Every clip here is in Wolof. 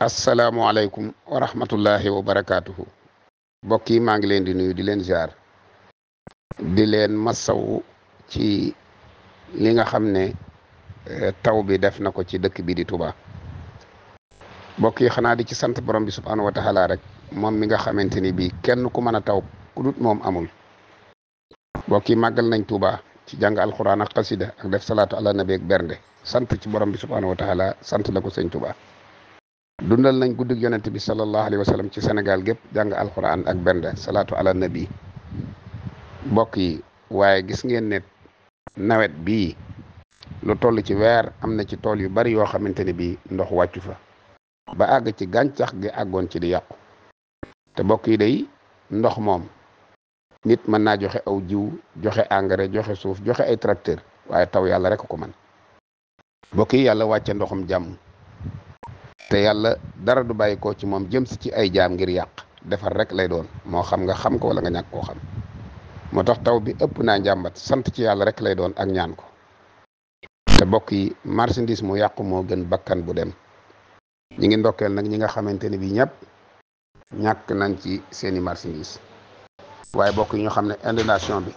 asalaamualeykum wa rahmatullahi wa barakaatuhu mbokk yi maa ngi leen di nuyu di leen ziar di leen masawu ci li nga xam ne eh, taw bi def na ko ci dëkk bi di Touba mbokk yi xanaa di ci sant borom bi subhaanahu wa rek moom mi nga xamante ni bii kenn ku mën a taw ku dut moom amul mbokk yi màggal nañ Touba ci jàng alxuraan ak xasida ak def salaatu ala nabi ak bernde sant ci borom bi subhaanahu wa sant la ko sëñ dundal nañ guddig yonent bi sallallahu alayhi wa sallam ci Sénégal gépp jàng alquran ak bernde salaatu ala nabi mbokk yi waaye gis ngeen ne nawet bii lu toll ci weer am na ci tool yu bari yoo xamante ne bii ndox wàccu fa ba àgg ci gàncax gi àggoon ci di yàqu te mbokk yi day ndox moom nit mën naa joxe aw jiw joxe engrais joxe suuf joxe ay tracteur waaye taw yàlla rek ko man mbokk yi yàlla wàcce ndoxum jàmm te yàlla dara du bàyyi ko ci moom jëm si ci ay jaam ngir yàq defar rek lay doon moo xam nga xam ko wala nga ñàkk koo xam moo tax taw bi ëpp naa njàmbat sant ci yàlla rek lay doon ak ñaan ko te bokk yi marchandise mu yàqu moo gën bakkan bu dem ñi ngi ndokkeel nag ñi nga xamante ne bi ñëpp ñàkk nañ ci seeni marchandise waaye bokk yi ñoo xam ne inondation bi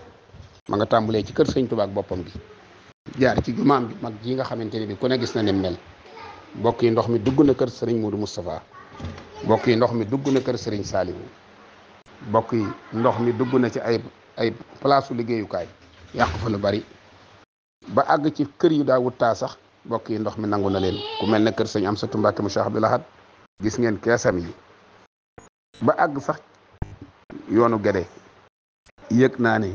ma nga tàmbalee ci kër sëñ tubaak ak boppam bi jaar ci jumaam bi mag ji nga xamante ne bi ku ne gis na ni mel mbokk yi ndox mi dugg na kër sëriñ Modou Moustapha mbokk yi ndox mi dugg na kër sëriñ Saliou mbokk yi ndox mi dugg na ci ay ay palaasu liggéeyukaay yàq fa lu bari ba àgg ci kër yu daa wuttaa sax mbokk yi ndox mi nangu na leen ku mel ne kër sëñ am Amsatu Mbàkke mu Cheikh Abdou Lahad gis ngeen keesam yi ba àgg sax yoonu Gede yëg naa ne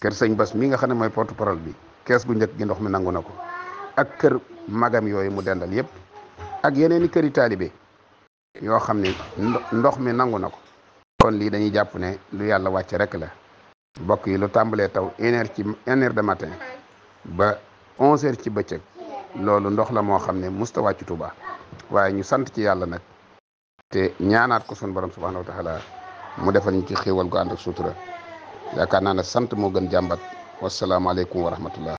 kër sëñ Bas mi nga xam ne mooy porte-parole bi kees gu njëkk gi ndox mi nangu na ko ak kër magam yooyu mu dendal yépp ak yeneen i këri taalibe yoo xam ne ndox mi nangu na ko kon lii dañuy jàpp ne lu yàlla wàcc rek la mbokk yi lu tàmbalee taw une heure ci de matin ba onze heures ci bëccëg loolu ndox la moo xam ne musta wàcc Tuuba waaye ñu sant ci yàlla nag te ñaanaat ko sun borom subhanahu wa taala mu defal ñu ci xéewal gu ànd ak sutura yaakaar naa ne sant moo gën jàmbat wasalaamaaleykum wa rahmatullah